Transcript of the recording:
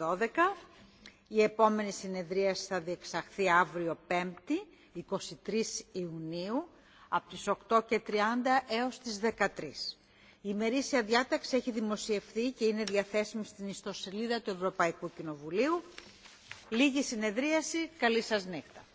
12. Η επόμενη συνεδρίαση θα διεξαχθεί αύριο 5η, 23 Ιουνίου, από τις 8.30 έως τις 13. Η ημερήσια διάταξη έχει δημοσιευθεί και είναι διαθέσιμη στην ιστοσελίδα του Ευρωπαϊκού Κοινοβουλίου. Λίγη συνεδρίαση. Καλή σας νύχτα.